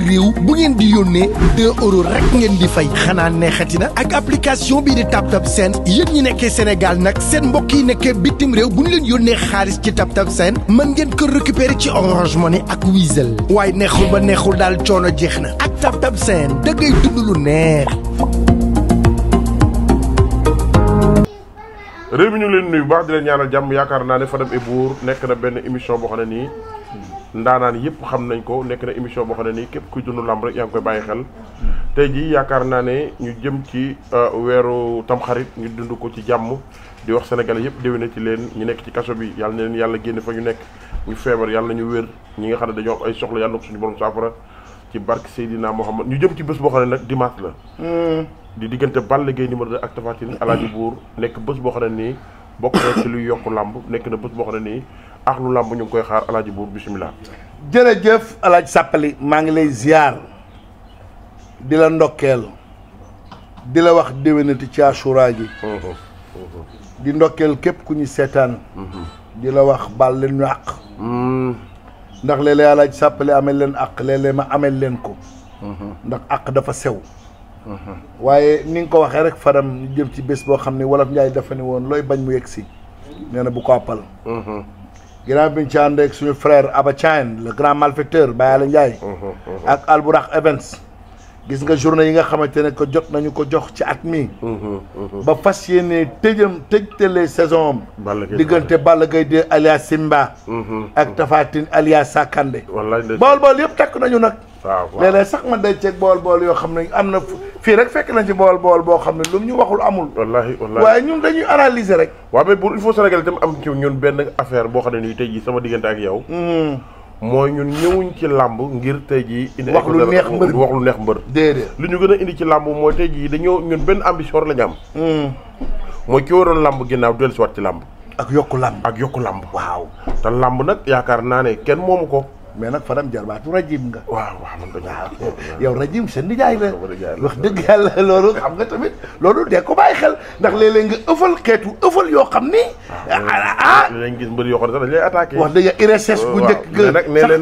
biir réew bu ngeen di yónnee 2 euros rek ngeen di fay xanaa neexati na ak application bii di TapTap Send yéen ñi nekkee Sénégal nag seen mbokk yi nekkee bitim réew bu ñu leen yónnee xaalis ci TapTap seen man ngeen kër récupérer ci Orange ni ak Wizall waaye neexul ba neexul daal coono jeex na ak TapTap Send da ngay dund lu neex. leen nuyu baax di yaakaar naa ne Fadam et Bour nekk ndaanaan yëpp xam nañ ko nekk na émission boo xam ne nii képp kuy dund lamb rek yaa ngi koy bàyyi xel tey jii yaakaar naa ne ñu jëm ci euh, weeru tamxarit ñu dund ko ci jàmm di wax sénégalais yëpp déwéne ci leen ñu nekk ci kaso bi yàlla na yàlla génn fa ñu nekk ñu feebar na ñu wér ñi nga xam ne dañoo ay soxla yàlla na ko suñu borom saafara ci barke Seydina Mohamed ñu jëm ci bés boo xam ne nag dimanche la hmm. di diggante Balla Gaye numéro 2 ak Tapha Tine Alaaji Buur nekk bés boo xam ne nii bokk na ci luy yokku làmb nekk na bés boo xam ne nii axlu làmb ñu koy xaar alaaji buur bisimilah. jërëjëf alaaj sàppali maa ngi lay ziar di la ndokkeel di la wax déwénati ci asura gi mm-hmm. Mm-hmm. di ndokkeel képp ku ñu seetaan mm-hmm. di la wax baal leen ñu àq ndax léeg-léeg alaaj amel leen àq ma amel leen ko ndax àq dafa sew waaye ni nga ko waxee rek fadam ñu jëm ci bés boo xam ne wolof njaay dafa ne woon looy bañ mu yegg si nee bu ko àppal ginnaaw bi ñu ci suñu frère Aba Thiane le grand malfaiteur Baye Ndiaye. Uh-huh, uh-huh. ak Albourakh Evans. gis nga journée yi nga xamante ne ko jot nañu ko jox ci at mi. Uh-huh, ba fas yéene tëjam tëjtale saison am. diggante Balla gay 2 alias Simba. ak Tapha Tine alias Sakandé. bool bool yëpp takk nañu nag. waaw léeg-léeg sax ma denceeg bool-bool yoo xam ne am na fii rek fekk nañ ci bool-bool boo xam ne lu ñu waxul amul. wallaahi wallaahi waaye ñun dañuy analyser rek. waaw mais pour il faut Sénégal itam am ci ñun benn affaire boo xam ne nii tey jii sama diggante ak yow. Hmm. mooy ñun ñëwuñ ci làmb ngir tey jii. indi wax lu neex mbër wax lu neex mbër. déedéet lu ñu gën a indi ci làmb mooy tey jii dañoo ñun benn ambition la ñu am. Hmm. mooy ki làmb ginnaaw dellusiwaat ci làmb. ak yokku làmb ak yokku làmb. waaw te làmb nag yaakaar naa ne kenn moomu ko mais nag Fadam jarbaatu rajim nga. waaw waaw yow rajim seen nijaay la. wax dëgg yàlla loolu xam nga tamit loolu dee ko bàyyi xel ndax léeg nga ëffal xeetu ëffal yoo xam ni. ah, ah léeg gis mbër yoo xam ne wax dëgg yàlla RSS bu njëkk nga. nag nee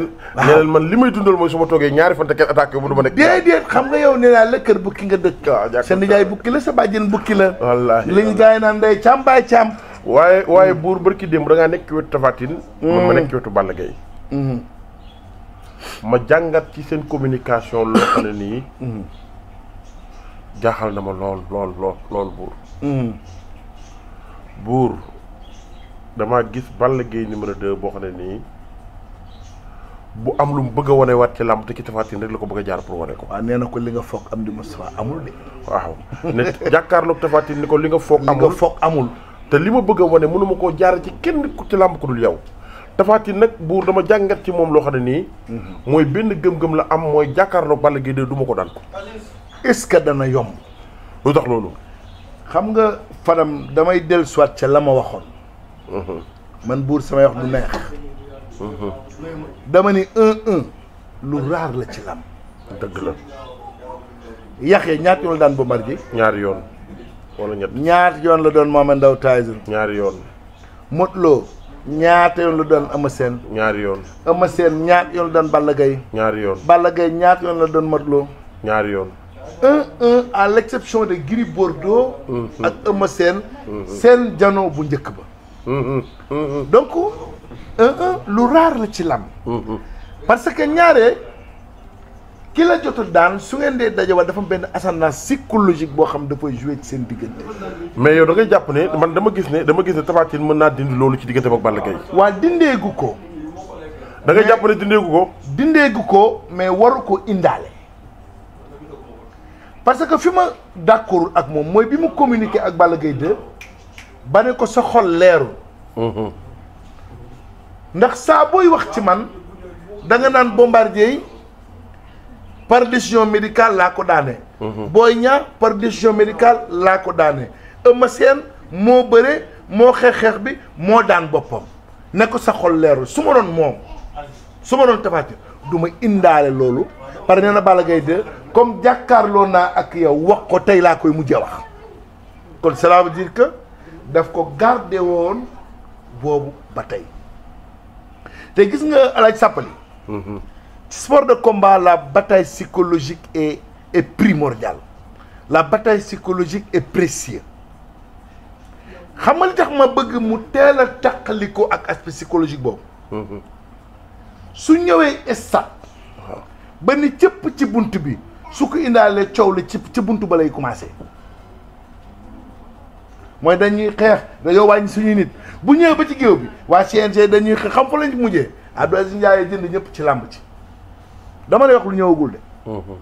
man li may dundal mooy su ma ñaari fan te kenn attaqué bu du ma nekk. déedéet xam nga yow nee naa la kër bukki nga dëkk. waaw ah, seen nijaay bukki la sa bàjjen bukki la. wallaahi liñ gaay naan day càmm baay càmm waaye waaye mm. buur bërki démb da ngaa nekk wetu ma jàngat ci seen communication loo xam ne nii. Mm-hmm. jaaxal na ma lool lool lool lool buur. Mm-hmm. buur damaa gis Balla Gaye numéro 2 boo xam ne nii bu am lu mu bëgg a wane waat ci làmb te ci Tapha Tine rek la ko bëgg a jaar pour wane ko. waaw nee na ko li nga foog am di Moustapha amul de. waaw ne jàkkaar Tapha Tine ni ko li nga foog. amul li nga foog amul. te li ma bëgg a wane mënuma koo jaar ci kenn ci làmb ku dul yow. tafaatin nag buur dama jàngat ci moom loo xam ne nii. Mhm. mooy benn gëm-gëm la am mooy jàkkaarloo bala Gaye de du ko daan ko. est-ce que dana yomb. lu tax loolu. xam nga Fadam damay dellu soit ca la ma waxoon. Mhm. man buur samay wax lu neex. Mhm. dama ni un un lu raar la ci lam dëgg la. Yaxya ñaata yoon la daan Bombardier. ñaari yoon wala ñett. ñaar yoon la doon Mohamed Ndao Tyson. ñaari yoon. Modou Lo. ñaata yoon la doon Eumeu Sène ñaari yoon Eumeu Sène ñaata yoon la doon Balla Gaye ñaari yoon Balla Gaye ñaata yoon la doon Modou Lo ñaari yoon un un à l'exception de Gris Bordeaux mm-hmm. ak Eumeu Sène mm-hmm. seen janoo bu njëkk ba mm-hmm. donk un lu raar la ci lam parce que ñaare ki la jotul daan su ngeen dee dajawaat dafa am benn ascendance psychologique boo xam dafa joué ci seen diggante. mais yow da ngay jàpp ne man dama gis ne dama gis ne Tapha mën naa dindi loolu ci diggante ak Balla Gaye. waa dindeegu ko. da ngay jàpp ne dindeegu ko. dindeegu ko mais waru ko indaale. parce que fi ma d'accord ak moom mooy bi mu communiqué ak Balla Gaye 2 ba ne ko sa xol leerul. Mhm. ndax saa booy wax ci man da nga naan bombardier yi par décision médicale laa ko daane. Mhm. Boy Niang par décision médicale laa ko daane. Eumeu Sène moo bëre moo xeex xeex bi moo daan boppam ne ko sa xol leerul su ma doon moom su ma doon Tapha duma du indaale loolu pare nee na Balla Gaye comme jàkkaarloo naa ak yow wax ko tey laa koy mujjee wax kon cela veut que daf ko garder boobu ba tey te gis nga alaaj sàppali mhm. sport de combat la bataille psychologique est est primordiale la bataille psychologique est précieuse xam nga li tax ma bëgg mu teel a taqaliko ak aspect psychologique boobu. su ñëwee stade. ba ni cëpp ci bunt bi su ko indaalee coow la ci ci bunt ba lay commencé. mooy dañuy xeex dañoo wàññi suñuy nit bu ñëwee ba ci géew bi waa CNG dañuy xeex xam fa lañ mujjee Abdou Aziz Ndiaye jënd ñëpp ci làmb ci. dama lay wax lu ñëwagul de. Mhm.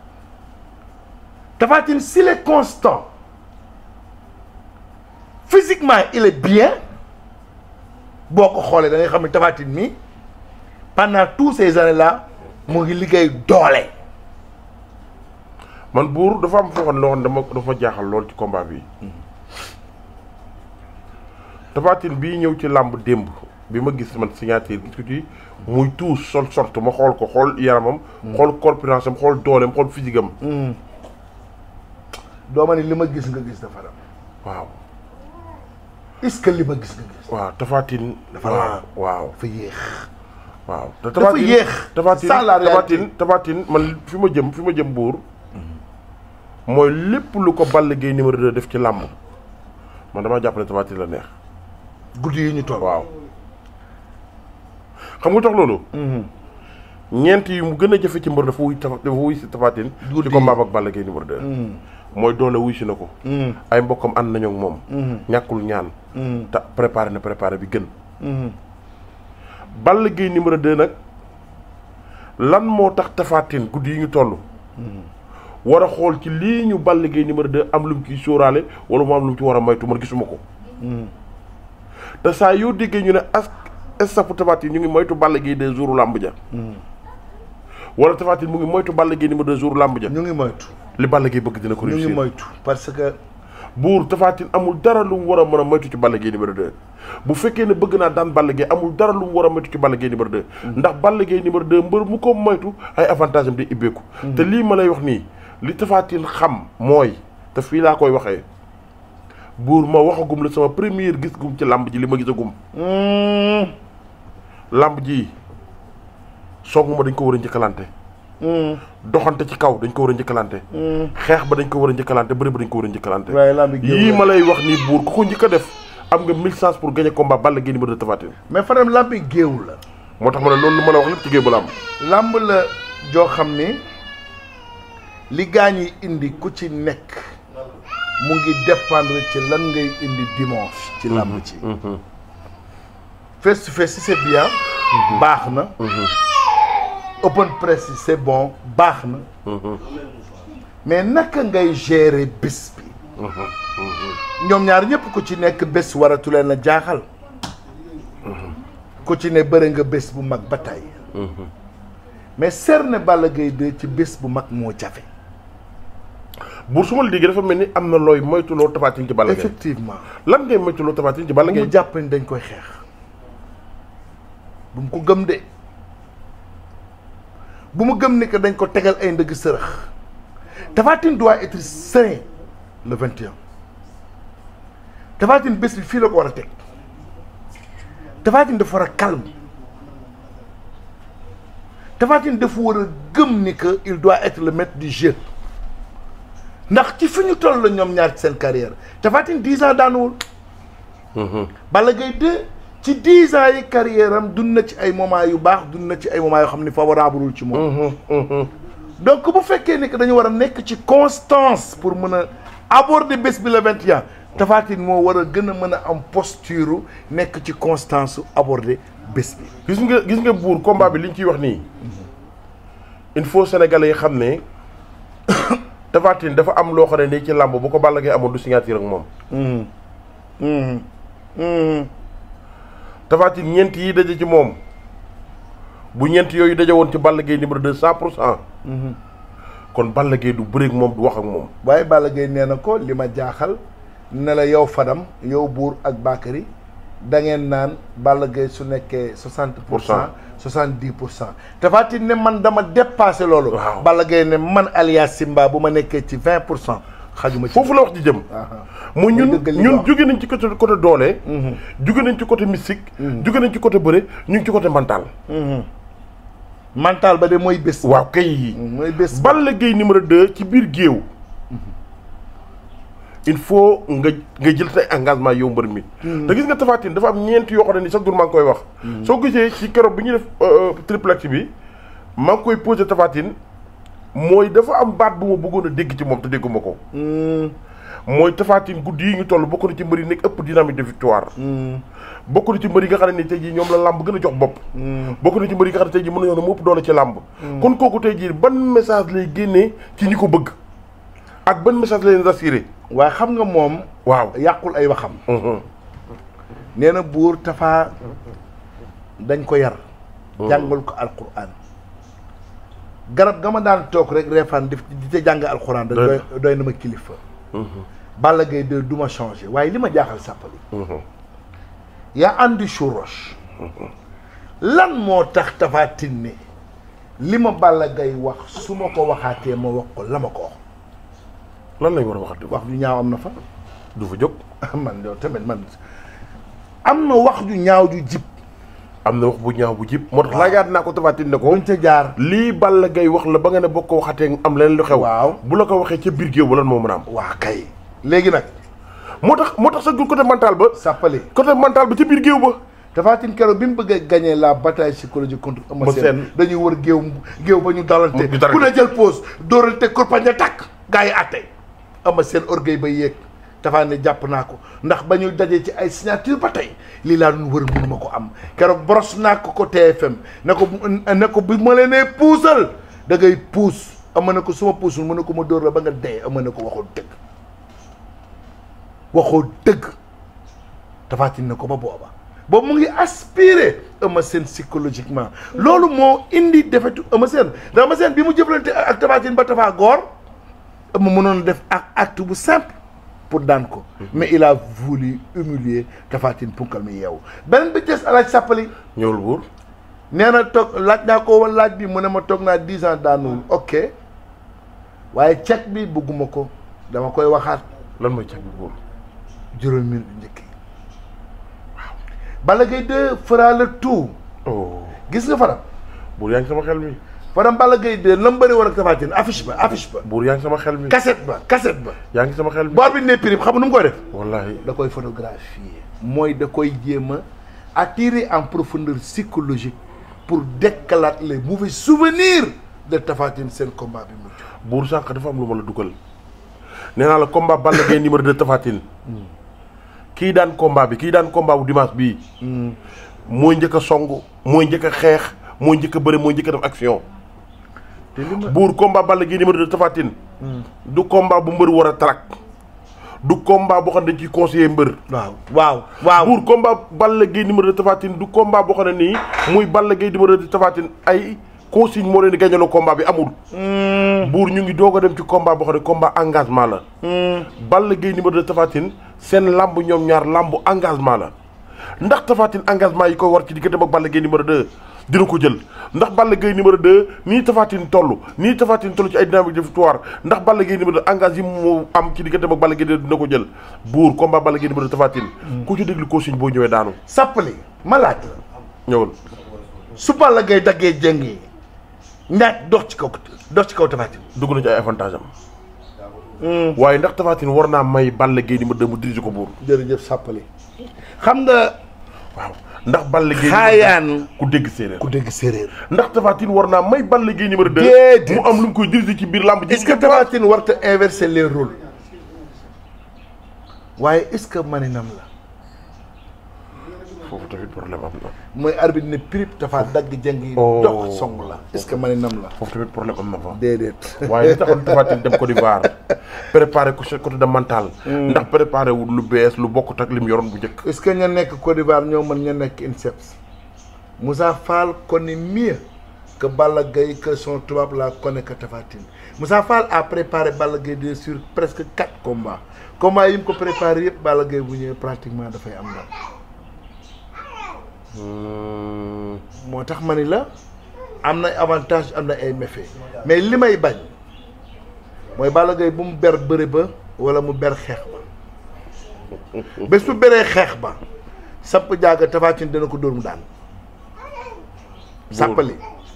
Tapha Tine s'il constant physiquement il est bien boo ko xoolee dangay xam ne Tapha Tine mi pendant tous ces années là mu ngi liggéey doole. man buur dafa am foo xam ne dama dafa jaaxal lool ci combat bi mhm. Tapha bii ñëw ci làmb démb. bi ma gis man signature gis ko muy tout sol sort ma xool ko xool yaramam. xool corpulence xool dooleem xool physique am. Hmm. doo li ma gis nga gis dafa am. waaw. est-ce que li ma gis nga gis. waaw Tapha Tine. dafa am waaw dafa yéex. man fi ma jëm fi ma jëm buur. mooy lépp lu ko Balla Gaye numéro 2 def ci làmb man dama jàpp ne la neex. guddi yi ñu toll xam nga tax loolu. Mhm. ñeent yi mu gën a jafe ci mbër dafa wuy dafa wuy si Tapha Tine ci combat ak Balla Gaye numéro mhm. mooy doole wuy si na ko mhm. ay mbokkam ànd nañu ak moom ñàkkul ñaan te préparé na préparé bi gën Balla Gaye numéro nag lan moo tax Tapha Tine guddi yi ñu toll war a xool ci lii ñu Balla Gaye numéro 2 am lu mu ciy sóoraale wala mu am lu mu ci war a moytu man gisuma ko te saa yoo déggee ñu ne as stafu Tapha Tine ñu ngi moytu Balla Gaye de jour làmb ja wala Tapha Tine mu ngi moytu Balla Gaye numéro deux jour làmb ja ñu ngi moytu li Balla Gaye bëgg dina ko réussir ñu ngi moytu parce que buur Tapha Tine amul dara lu mu war a mën a moytu ci Balla Gaye numéro 2 bu fekkee ne bëgg naa daan Balla Gaye amul dara lu mu war a moytu ci Balla Gaye numéro 2 ndax Balla Gaye numéro 2 mbër mu ko moytu ay avantage am di ibbeeku te lii ma lay wax nii li Tapha Tine xam mooy te fii laa koy waxee buur ma waxagum la sama première gis gum ci làmb ji li ma gisagum hmm. làmb ji ma dañ ko war a njëkkalante. Hmm. doxante ci kaw dañ ko war a jëkkalante hmm. xeex ba dañ ko war a njëkkalante bëri ba dañ ko war a njëkkalante. yii ma lay wax nii buur ku ko njëkk def am nga mille chance pour gagner combat Balla Gaye numéro 2 Tapha Tine. mais Fadam làmb yi géew la. moo tax ma ne loolu ma la wax lépp ci géew ba làmb. làmb la joo xam ne li gaañ yi indi ku ci nekk mu ngi dépendre ci lan ngay indi dimanche. ci làmb ci. Mhm, face to face si c'est bien. Mhm. baax na. Mhm. open press si c'est bon baax na. Mhm. mais naka ngay gérer bés bi. ñoom ñaar ñëpp ku ci nekk bés waratu leen a jaaxal. ku ci ne bëri nga bés bu mag ba tey. mais cerner Balla Gaye 2 ci bés bu mag moo jafe. buur su la déggee dafa mel ni am na looy moytuloo Tapha Tine ci Balla Gaye. effectivement lan ngay moytuloo Tapha Tine ci Balla Gaye. mu jàpp ni dañ koy xeex. bu mu ko gëm de bu mu gëm ni dañ ko tegal ay ndëgg sërëx Tapha Tine doit être serein le 21 Tapha bés bi fii la ko war a teg Tapha Tine dafa war a calme Tapha Tine war a gëm ni que il doit être le maître du jeu ndax ci fi ñu toll la ñoom ñaar ci seen carrière Tapha Tine daanuwul mm-hmm. Balla Gaye 2 ci dix ans yi carrière am dund na ci ay moment yu baax dund na ci ay moment yoo xam ni favorableul ci moom donc bu fekkee ni que dañu war a nekk ci constance pour mën a aborder bés bi la vingt et un moo war a gën a mën a am posture nekk ci constance su aborder bés bi gis nga gis nga buur combat bi li ñu ciy wax nii il faut sénégalais yi xam ne Tapha dafa am loo xam ne nii ci làmb bu ko Balla Gaye amoon du signature ak moom Tapha Tine ñeent yi daje ci moom bu ñeenti yooyu daje woon ci Balla Gaye numéro 2 cent pour cent. Mhm. kon Balla Gaye du bëreeg moom du wax ak moom. waaye Balla Gaye nee na ko li ma jaaxal ne la yow Fadam yow Buur ak Bakary da ngeen naan Balla Gaye su nekkee soixante pour cent soixante dix pour cent. Tapha Tine ne man dama dépassé loolu. waaw Balla Gaye ne man alias Simba bu ma nekkee ci vingt pour cent. xajuma ci foofu la wax ji jëm. mu ñun ñun jóge nañ ci côté côté doole. Mhm. jóge nañ ci côté mystique. Mhm. jóge nañ ci côté bëre ñu ngi ci côté mental. mantal mhm. ba de mooy bés. waaw kay. mooy bés Balla Gaye numéro 2 ci biir géew. il faut nga nga jël sa engagement yow mbër mi. te gis nga Tapha Tine dafa am ñeent yoo xam ne ni sax dur maa ngi koy wax. soo gisee ci keroog bi ñuy def euh, euh, triplex bi maa ngi koy posé Tapha Tine mooy dafa am baat bu ma bëggoon a dégg ci moom te dégguma ko. mooy tafaatin guddi yi ñu toll bokk ci mbari nekk ëpp dynamique de victoire. bokk na ci mbëri yi nga xam ne tey jii ñoom la làmb gën a jox bopp. bokk na ci mbëri yi nga xam ne tey jii mën nañoo ne mu ëpp doole ci làmb. kon kooku tey jii ban message lay génnee ci ñu ko bëgg. ak ban message lay rassuré. waaye xam nga moom. waaw yàqul ay waxam. Mhm. nee na buur tafaa dañ ko yar. Mhm. jàngal ko alquran. garab ga ma daan toog rek reefaan di ca jàng alxuraan. doy doy na ma kilifa. Mhm. Balla Gaye de du ma changé waaye li ma jaaxal sàppali. Mhm. yaa andi chouroche. Mhm. lan moo tax Tapha Tine li ma Balla Gaye wax su ma ko waxaatee ma wax ko la ma ko wax. lan lañ war a waxati wax ju ñaaw am na fa. du fa jóg man yow tamit man am na wax ju ñaaw ju jib. am na wax bu ñaaw bu jib moo tax laajaat naa ko tafatin ne ko duñ ca jaar lii Balla Gaye wax la ba nga ne boo ko waxatee am leneen lu xew waaw bu la ko waxee ca biir géew lan moo mën a am waa kay léegi nag moo tax moo tax sa côté mantaal ba sàppali côté mental ba ca biir géew ba tafatin keroog bi mu bëgg a gagné la bataille psychologique contre Eumeu Sène dañuy wër géew géew ba ñu dalante ku ne jël pause dóorante korpañ a tàkk gars yi atte Eumeu Sène orgueil ba yéeg Tapha ne jàpp naa ko ndax ba ñuy dajee ci ay signature ba tey lii laa doon wër mënu ma ko am keroog boros naa ko ko TFM ne ko ne ko bi ma leen nee puusal da ngay puus ama ne ko su ma puusul mën ne ko ma dóor la ba nga dee ama ne ko waxoo dëgg waxoo dëgg Tapha Tine ne ko ba booba ba mu ngi aspiré Eumeu Sène psychologiquement loolu moo indi defetu ama Sène ndax Eumeu seen bi mu jëflante ak Tapha ba Tapha Gor Eumeu mënoon def ak act bu simple pour daan ko. mais il a voulu humilier Tapha Tine punkal mi yeewu. beneen bi des alaaj sàppali. ñëwul buur. nee na laaj naa ko woon bi mu ne ma toog naa dix ans daanuwul ok waaye cek bi bëgguma ko dama koy waxaat. lan mooy cek bi buur. juróomi minute njëkk yi waaw. Balla Gaye 2 fera le oh. gis nga faram. buur yaa ngi sama xel mi. maanaam Balla Gaye de la mu bëri woon ak Tapha Tine affiche ba affiche ba. buur yaa ngi sama xel bi cassette ba cassette ba. yaa ngi sama xel bi boor ne prix xam nu mu koy def. wallaahi da koy photographier. mooy da koy jéem a attirer en profondeur psychologique pour déclarer les mauvais souvenirs de Tapha seen combat bi mujj. buur sànq dafa am lu ma la dugal nee naa la combat Balla Gaye numéro 2 Tapha kii daan combat bi kii daan combat bu dimanche bii. Hmm. mooy njëkk song mooy njëkk a xeex mooy njëkk a mooy njëkk a buur combat Balla Gaye numéro 2 Tapha Tine hmm. du combat bu mbër war a trak du combat boo xam ne ci ciy conseiller mbër. waaw waaw waaw buur combat Balla Gaye numéro 2 Tapha Tine du combat boo xam ne nii muy Balla Gaye di 2 Tapha Tine ay consigne moo leen di gañaloo combat bi amul. Hmm. buur ñu ngi doog a dem ci combat boo xam ne combat engagement la. Hmm. Balla Gaye numéro 2 Tapha Tine seen lamb ñoom ñaar làmb engagement la ndax Tapha Tine engagement yi koy war ci diggante ak Balla Gaye dina ko jël ndax Balla Gaye numéro 2 nii Tapha Tine toll nii Tapha Tine toll ci ay dynamique jëf victoire ndax Balla Gaye numéro 2 engagé mu am ci diggante ak Balla dina ko jël buur combat Balla Gaye numéro 2 Tapha Tine mm. ku ci déglu consigne boo ñëwee daanu sàppali ma laaj la ñëwul su Balla Gaye daggee jëng yi dox ci kaw dox ci kaw Tapha dugg na ci ay avantage am mm. waaye ndax Tapha Tine war naa may Balla Gaye numéro 2 mu dirige ko buur jërëjëf sàppali xam nga waaw ndax Balla Gaye xaayaan ku dégg séeréer ku dégg séeréer ndax Tapha Tine war naa may Balla Gaye numéro 2 mu am lu mu koy dirigé ci biir làmb ji est-ce que Tapha Tine warta inverser les rôles waaye est-ce que maninam la kooku tamit problème mooy arbitre ne prip dafa dagg jëng yi. Oh. dox song la est-ce que mani nam la. foofu tamit problème am na fa. déedéet. waaye li taxoon Tapha Tine dem Côte d'Ivoire préparé ko côté de mental. Hmm. ndax préparé wul lu bees lu bokkut ak lim yoroon bu njëkk. est-ce que ña nekk Côte d'Ivoire ñoo mën ña nekk INSEPS. Moussa Fall connaît mieux que Balla Gaye que son tubaab la ko que Tapha Tine Moussa Fall a préparé Balla Gaye 2 sur presque quatre combats combats yi ko préparé yëpp bala Gaye pratiquement dafay am ndam. Hmm. moo tax ma ni la am na avantage am na ay méfaits mais li may bañ mooy Balla Gaye bu mu ber bëri ba wala mu ber xeex ba bés bu beree xeex ba sapp jaaga tafaatin dina ko dóor mu daan sàppali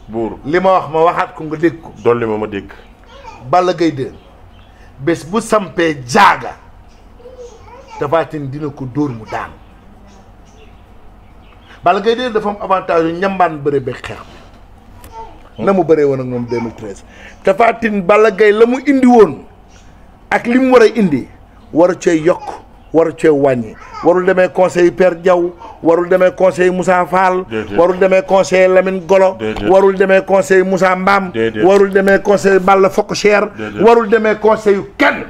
buur li ma wax ma waxaat ko nga dégg ko dolli ma ma dégg Balla Gaye de bés bu sampee jaaga tafaatin dina ko dóor mu daan Balla Gaye 2 dafa am avantage yu ñambaan bëre beeg xeex bi na mu bëree woon ak moom 2013 Tapha Tine Balla Gaye la mu indi woon ak li mu war a indi war cee yokk waru cee wàññi warul demee conseil Père Diaw warul demee conseil Moussa Fall warul demee conseil Lamine Golo warul demee conseil Moussa Mbaam warul demee conseil Balla Fokk Cher warul demee conseil yu kenn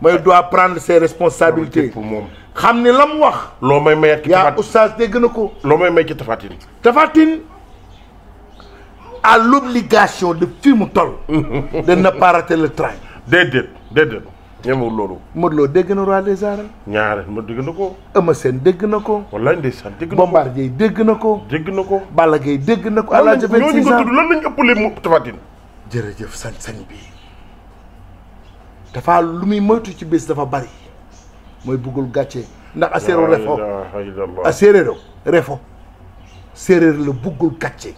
mooy doit prendre ses responsabilités pour moom xam ni la mu wax. loo may may ak yaa oustaz dégg na ko. loo may may ci Tafatine. Tafatine a l'obligation de fi mu toll. de ne pas rater le train. déedéet déedéet ñemewul loolu. Modou loo dégg na roi des arènes. ñaare ma dégg na ko. Eumeu Sène dégg na ko. wallaay ndeysaan dégg na ko Bombardier dégg na ko. dégg na ko bala Gaye dégg na ko. à l'âge de 26 ans lan lañ ëppalee mu Tafatine. jërëjëf sañ-sañ bi dafa lu muy moytu ci bis dafa bari. mooy bëggul gàcce ndax a séeréer refo a séeréer refo séeréer la buggul gàcce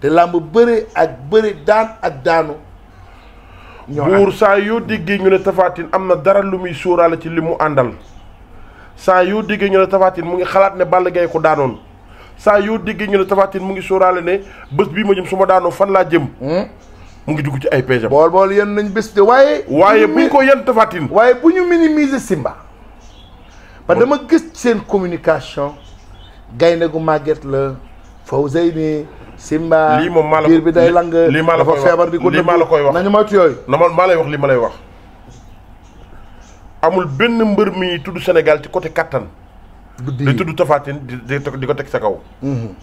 te làmb bëre ak bëre daan ak daanu buur saa yoo déggee ñu ne tafaatin am na dara lu muy sóoraale ci li mu àndal saa yoo déggee ñu ne tafaatin mu ngi xalaat ne Balla Gaye ko daanoon saa yoo déggee ñu ne tafaatin mu ngi sóoraale ne bés bii ma jëm su ma daanoo fan laa jëm hmm? mu ngi dugg ci ay peesam bool bool yenn nañ bés de waaye waaye bu ñu ko yenn tafaatin waaye bu ñu minimiser Simba parce que dama gis seen communication gaynde gu màgget la Fawzeyni Simba lii moom maa la biir bi day lang lii maa la koy feebar di ko lii la koy wax nañu moytu yooyu na maa lay wax li ma lay wax benn mbër mi tudd Sénégal ci côté kattan di tudd tafaatin di ko teg sa kaw mhm.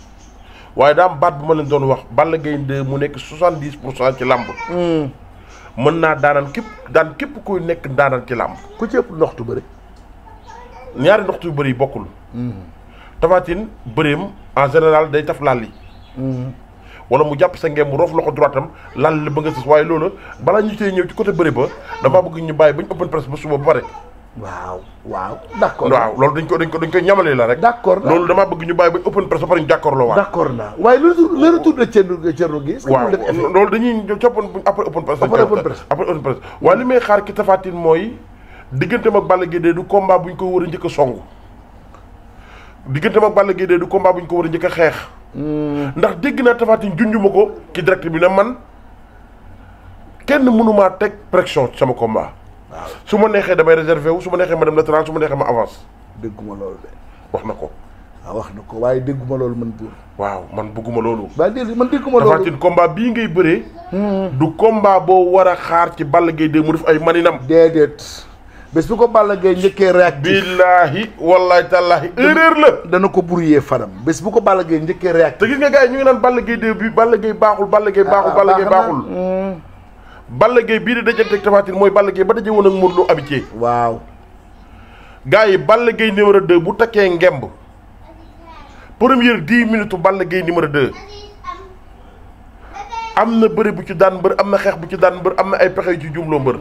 waaye daam bu ma leen doon wax Balla mu nekk soixante dix pour ci làmb mhm. mën naa daanaan képp daan képp kuy nekk daanaan ci làmb ku ci ëpp ndoxtu ñaari ndoxtu yu bëri bokkul. Tapha Tine bëreem en général day taf laal li wala mu jàpp sa ngeen mu roof loxo droite am laal la ba nga sës waaye loolu balaa ñu cee ñëw ci côté bëri ba damaa bëgg ñu bàyyi bañ open press ba suba ba pare. waaw waaw d' accord loolu dañ d' accord bëgg ñu bàyyi ba open press ba pare ñu jàkkaarloo waat. d' accord naa waaye le retour le retour de Thierno Thierno Gueye. loolu dañuy coppoon après open press. après open press après open press waaye li mooy. diggante ma Balla Gaye du komba bu ñu ko war a njëkk a song digganteem ak Balla Gaye du komba bu ñu ko war a njëkk a xeex. Hmm. ndax dégg naa Tapha Tine ma ko ci direct bi ne man kenn mënumaa teg pression sama combat. su ma neexee damay réservé wu su ma neexee ma dem latéral su ma neexee ma avance. dégguma loolu de. wax na ko. Ah, wax na ko waaye dégguma loolu man waaw man bëgguma loolu. waaye dégg man dégguma loolu Tapha bii ngay bëree. Hmm. du komba boo war a xaar ci Balla Gaye mu def ay maninam. déedéet. bés bu ko Balla Gaye njëkkee réactif billaahi wallaahi tallaahi erreur la dana ko yee fanam bés bu ko Balla Gaye njëkkee réactif te gis nga gars ñu ngi naan Balla Gaye de bi Balla Gaye baaxul Balla Gaye baaxul ah, Balla Gaye baaxul Balla Gaye bii di dajante ak Tapha Tine mooy Balla Gaye ba daje woon ak Modou Lo habitué waaw gars yi Balla Gaye numéro 2 bu takkee ngemb première dix minutes Balla Gaye numéro 2 am na bëri bu ci daan mbër am na xeex bu ci daan mbër am na ay pexe ci jumloo mbër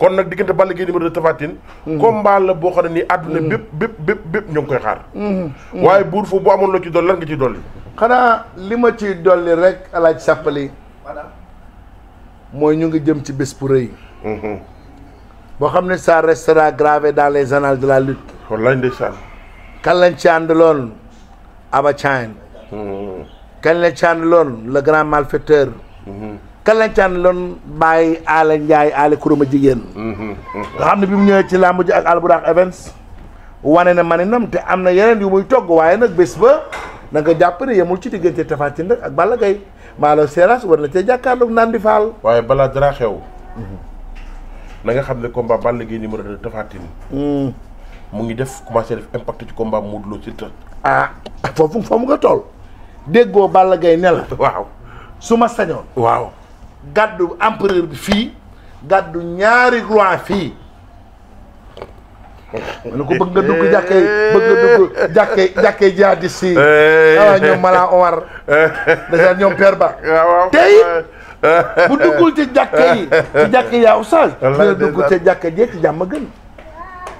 kon nag diggante Balla Gaye numéro 2 Tapha Tine mm-hmm. combat la boo xam ne nii àdduna bépp mm-hmm. bépp bépp bépp ñoo ngi koy xaar mm-hmm. waaye buur foofu boo amoon loo ci dolli lan nga ci dolli xanaa li ma ci dolli rek alaaj sàppali mooy ñu ngi jëm ci bés bu rëy boo xam ne ça restera gravé dans les annales de la lutte wallaay ndeysaan kan lañ ci àndaloon Aba Thiane kan lañ ci àndaloon grand malfaiteur kalancaan loon bàyyi aala njaay aala kuruma jigéen mm-hmm. nga xam ne bi mu ñëwee ci làmb ji ak alburax events wane na maninam te am na yeneen yu muy togg waaye nag bés ba na nga jàpp ne yemul ci diggante Tapha Tine rek ak Balla gay maalo seras war na cee jàkkaarloog naan di faal waaye balaa dara xew mm-hmm. na nga xam ne combat Balla Gaye numéro 2 Tapha Tine mm. mu ngi def commencé def impact ci combat Modou Lo Siteu ah foofu foofu nga tool déggoo Balla gay ne waaw su ma sañoon waaw gàddu empereur bi fii gàddu ñaari roi fii ma ne ko bëgg nga dugg jàkkee bëgg nga si waaw ah, ñoom Mala Omar déjà ñoom Père Ba ah, tey bu duggul ci jàkkee yi ci jàkkee yaa oustaz dina dugg ci jàkkee jee ci jàmm gën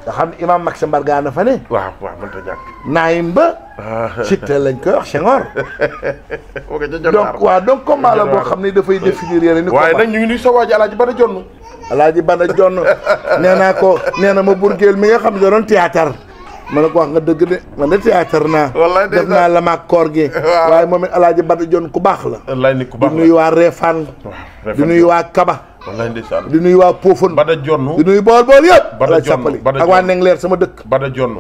nga xam ne imaam Maxime Bargane fa ne. waaw waaw mënta lañ koy wax Senghor. donc waaw donc combat la boo xam ne dafay définir yeneen ni. waaye nag ñu ngi nuyu sa waa ji Alaaji Bada naa ko nee na ma Bourguel mi nga xam ne da ma ne ko wax nga dëgg de man a théâtre naa. wallaay def naa la koor gi. waaye moom it Alaaji Bada Jonn ku baax la. wallaay ni ku baax la di nuyu waa Réfane. di nuyu waa Kaba. wallaay ndeysaan di nuyu waa Pofon Bada Jonn di nuyu bool bool yëpp Bada Jonn ak waa Nengleer sama dëkk Jonn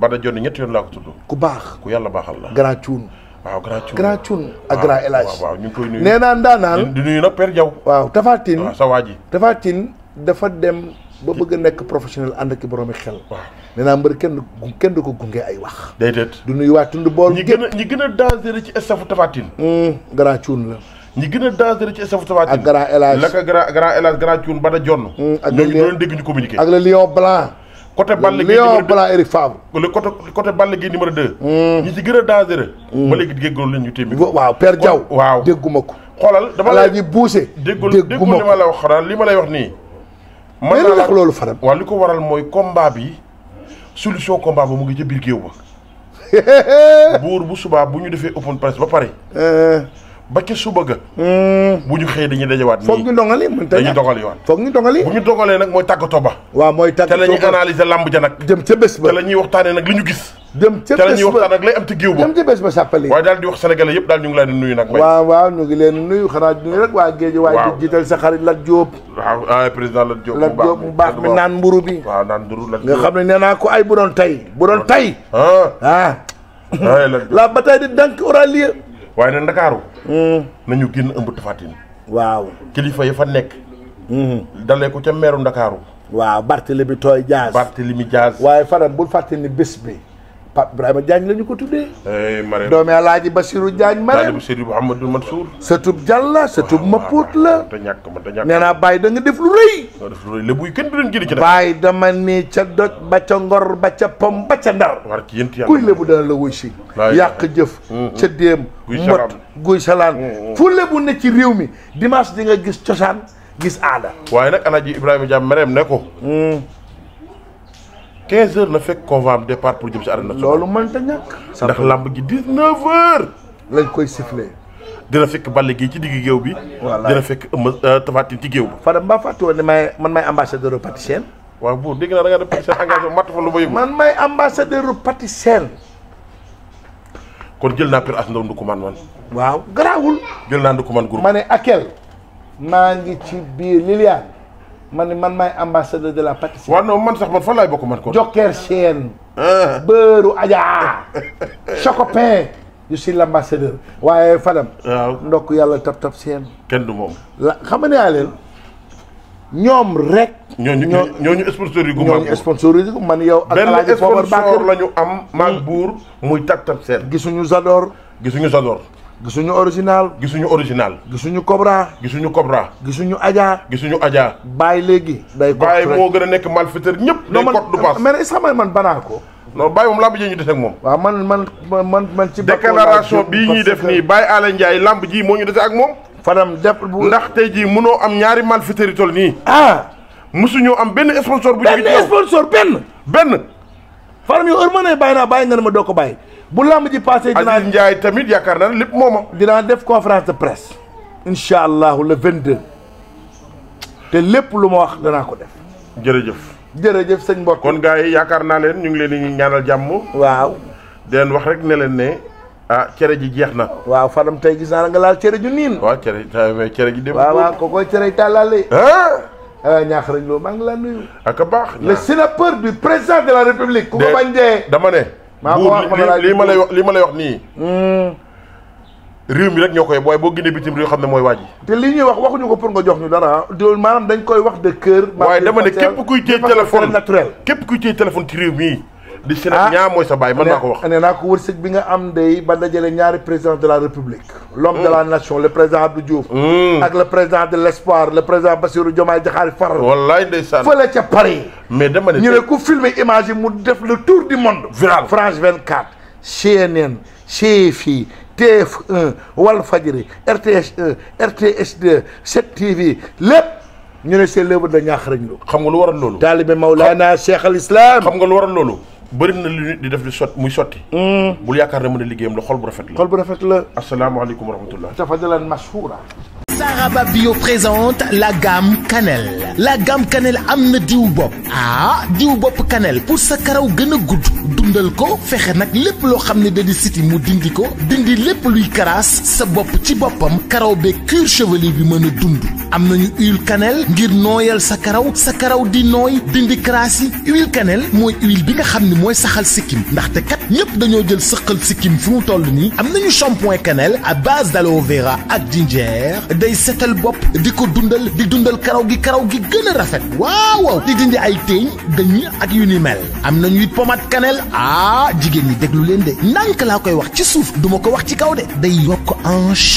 Bada Jonn mhm. yoon laa ko ku baax ku yàlla baaxal la grand cuun waaw grand cuun grand cuun ak grand élage waaw ñu ngi koy nuyu nee naa ndaanaan di nuyu nag Père Diaw waaw Tapha Tine sa waa ji Tapha Tine dafa dem ba bëgg a nekk professionnel ànd ak boroomi xel. waaw nee naa mbër kenn kenn du ko gunge ay wax. déedéet du nuyu waa tund bool. ñi gën a ñi gën a dangereux ci staffu Tapha Tine. Mm, grand cuun la. ñi gën a dangereux ci staff Tapha Tine ak grand élage la grand grand ba da jonn ak ñooñu doon dégg ñu communiqué ak le lion blanc côté Balla Gaye lion blanc Eric Favre le côté côté Balla hmm. ci gën a dangereux hmm. ba léegi géggul leen ñu téemi waaw Père Diaw waaw dégguma ko xoolal dama la ñu buuse déggul déggul li ma la wax xanaa li ma lay wax nii man naa la loolu faram waaw li ko waral mooy combat bi solution combat ba mu ngi ca biir géew ba buur bu subaa bu ñu defee open press ba pare eh. ba ci suba ga. Hmm. bu ñu xëyee dañuy dajawaat. nii foog ñu dogali mënut a dañuy dogali waat. foog ñu dogali bu ñu dogalee nag mooy tàggatoo ba. waaw mooy tàggatoo ba te la ñuy analyser làmb ja nag. jëm ca bés am ci géew ba jëm ca bés ba sàppali. waaye daal di wax sénégalais yëpp daal ñu sa xarit Lat Diop. waaw ah président Lat Diop. Lat naan mburu bi. waaw naan xam ne nee naa ko ay bu doon tey bu doon tey. ah. ah. la bataille de Dank aura lieu waaye nag ndakaaru hmm. nañu génn ëmb tafatin waaw kilifa yi fa nekk hmm. dalee ko ca meeru ndakaaru waaw Barthélemy Tooy Dias Barthélemy Dias waaye faram bul fàtte ni bés bi Pape Ibrahima Diagne la ñu ko tuddee. Eh, Marème doomi Alaaji Bassirou Diagne Marème. Seydou Mouhamadou Mansour. Satub Jàlla Satub ah, Maput la. te ñàkk ma te ñàkk nee da nga def lu rëy. da def lu rëy lébu yi kenn du leen génne ci dara. Baye dama ne ca doj ba ca ngor ba ca pom ba ca ndar. war ci yéen kuy dana la wuy si. yàq jëf. Mm, mm. ca déem. guy salaan guy salaan. Mm, fu lébu ne ci réew mi dimanche di nga gis cosaan gis aada. waaye nag Alaaji Ibrahima Diagne Marème ne ko. 15 heures na fekk convoi am départ pour jëm si arène nationale. loolu mënta ñàkk. ndax làmb ji 19 heures. lañ koy siffler. dina fekk Balla Gaye ci digg géew bi. voilà dina fekk Eumeu euh, Tapha ci géew bi. Fadam man may ambassadeur pâtissier. waaw buur dégg naa da nga def pâtissier matt fa lu ma yëg. man may ambassadeur pâtissier. kon jël naa Père As Ndaw Ndoukoumane man. waaw garaawul. jël naa Ndoukoumane Groupe. ma ne Akel. maa ngi ci biir Liliane. man man maay ambassadeur de la pâtisserie. waaw non man sax man fan laay bokk man ko Joker Chaîne. Ah. beurre Adja. Chocopin. je suis l' ambassadeur. waaye Fadam. waaw ndokk yàlla tap tap seen. kenn du moom. la xam nga ne yaa leen ñoom rek. ñooñu ñu sponsor ñoo ñu ma ñooñu sponsor yi man yow. ak alaaji Fomar Bakar benn sponsor la ñu am. maag hmm. buur muy tap tap seen. gisuñu Zador. gisuñu Zador. gisuñu original. gisuñu original. gisuñu Cobra. gisuñu Cobra. gisuñu ajaa gisuñu Adja. Baye léegi. day kot Baye moo gën a nekk malfaiteur ñëpp. day kot du paas mais nag xam nga man banaa ko. non Baye moom lamb ji ñu des ak moom. waaw man man man man ci. déclaration bii ñuy def nii Baye Alain Ndiaye lamb ji moo ñu dese ak moom. Fadam jàpp bu ndax tey jii mënoo am ñaari malfaiteur yu toll nii. ah. mosuñu am benn sponsor. bu ñu benn sponsor benn. benn. Fadam yow heure ma bàyyi naa bàyyi nga ne ma doo ko bàyyi bu làmb ji passé dinaa Aziz Ndiaye tamit yaakaar naa lépp lépp moomam. dinaa def conférence de presse. incha allahu la 22. te lépp lu ma wax danaa ko def. jërëjëf. jërëjëf sëñ Mbor. kon gaa yi yaakaar naa leen ñu ngi leen di ñaanal jàmm. waaw. di leen wax rek ne leen ne. ah cere ji jeex na. waaw Fadam tey gis naa nga laal cere ju niin. waaw cere mais cere ji. dem waaw waaw kooku cere tàllaale. ah ñaax rek loolu maa ngi laa nuyu. ak baax. le si du président de la république. ku ko bañ dama ne. buur lii ma lay wax lii ma lay wax nii. Hmm. réew mi rek ñoo koy booy boo génnee bitim réew xam ne mooy waaj te li ñuy wax waxuñu ko pour nga jox ñu dara loolu maanaam dañ koy wax de cœur. waaye dama ne képp kuy téye téléphone naturel képp kuy téye téléphone ci réew mii. li si nag ah. ñaa mooy sa baay mën naa ko wax nee naa ko wërsëg am day ba dajale ñaari président de la république l'homme de la mm. nation le président Abdou Diouf mm. ak le président de l'espoir le président Bassirou Diomaye Diakhar Faye wallaay ndeysaan fële ca Paris mais ku filmer image yi le tour du monde viral France 24 CNN CFI TF1 Walfadjri RTS 1 RTS 2 7 TV lépp ñu ne c'est l'œuvre de Niakhar Ragne Lo xam nga lu waral loolu taalibe Mawlana Cheikh al Islam xam nga lu waral loolu bëri na lu nit di def di sotti muy sotti. Hmm. bul yaakaar ne mën a liggéeyam la xol bu rafet la. xol bu rafet la. asalaamaaleykum wa rahmatullah. tafadalan mashhuura Daba Bio présente la gamme cannelle la gamme cannelle am na diw bopp ah diw bopp cannelle pour sa karaw gën a gudd dundal ko fexe nag lépp loo xam ne da siti mu dindi ko dindi lépp luy karaas sa bopp ci boppam karaw be cuir chevelu bi mën a dund am nañu huile cannelle ngir nooyal sa karaw sa karaw di nooy dindi karaas yi huile cannelle mooy huile bi nga xam ni mooy saxal sikkim ndaxte kat ñépp dañoo jël sëqal sikkim fu mu toll nii am nañu shampoing cannelle à base d'aloe vera ak ginger setal bopp di ko dundal di dundal karaw gi karaw gi gën a rafet waaw waaw di dindi ay teeñ dañuy ak yu ni mel am nañu it pommade cannelle ah jigéen ñi déglu leen de ndànk laa koy wax ci suuf du ma ko wax ci kaw de day yokk hanche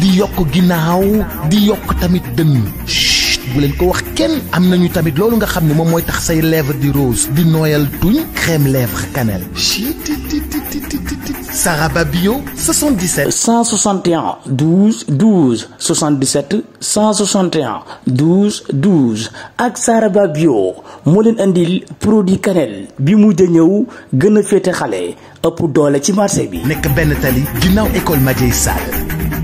di yokk ginnaaw di yokk tamit dënn bu leen ko wax kenn am nañu tamit loolu nga xam ne moom mooy tax say lèvre di rose di nooyal tuñ crème lèvre cannelle Saraba Bio 77. 161 12 12 77 161 12 12 ak Saraba Bio moo leen indi produit cannelle bi mu mujj ñëw gën a féete xale topp doole ci marché bi. nekk benn tali ginnaaw école Madiaye Sall.